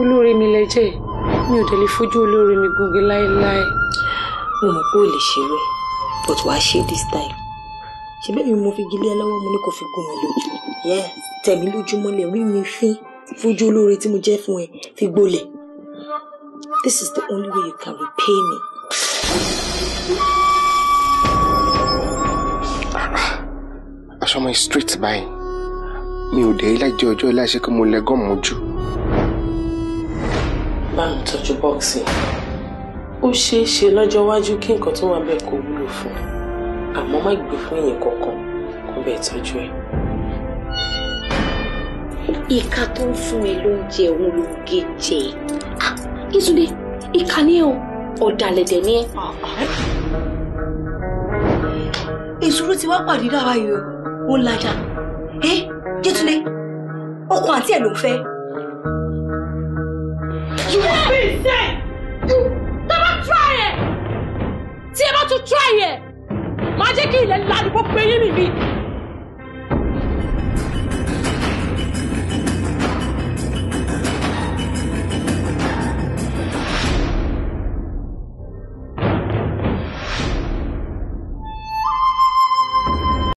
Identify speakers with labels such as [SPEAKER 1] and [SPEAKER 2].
[SPEAKER 1] olóore mi lẹ́jẹ̀ mi ò dẹ̀ fojú olóore mi gungi láéláé. mo mọ̀ pé o lè ṣe rẹ̀ but wàá ṣe this time ṣe bẹ́ẹ̀ ni mo fi gilé ẹ lọ́wọ́ mo ní kò fi gún mi lójú tẹ̀mí lójú rí mi fín fojú olóore tí mo jẹ́ fún ẹ fi gbolẹ̀ this is the only way you can repay me.
[SPEAKER 2] aṣọ ọmọ yìí straight báyìí mi ò dé ilé jẹ́ ọjọ́ ilé àṣekọ́ mo lẹ gọ́ọ̀mù ojú bá mi tọ́jú
[SPEAKER 3] bọ́ọ̀sì ó ṣeé ṣe lọ́jọ́ iwájú kí nǹkan tó wà bẹ́ẹ̀ kó wúlò fún àmọ́ má gbé fún èèyàn kankan kó bẹ́ẹ̀ tọ́jú ẹ̀.
[SPEAKER 4] ìka tó ń fún ẹ ló ń jẹ òun ló gé jẹ Yétúndé ah, ìka ni ẹ o ọ̀dàlẹ̀ dẹ̀ ni ẹ.
[SPEAKER 1] ìṣòro ti wá pàdé dára yìí o ó ń lajà ẹ Yétúndé
[SPEAKER 5] ọkọ àti ẹ ló ń fẹ́. tún try ẹ̀ máa jẹ́ kí ilẹ̀ ládùúgbò pé yín nìbí.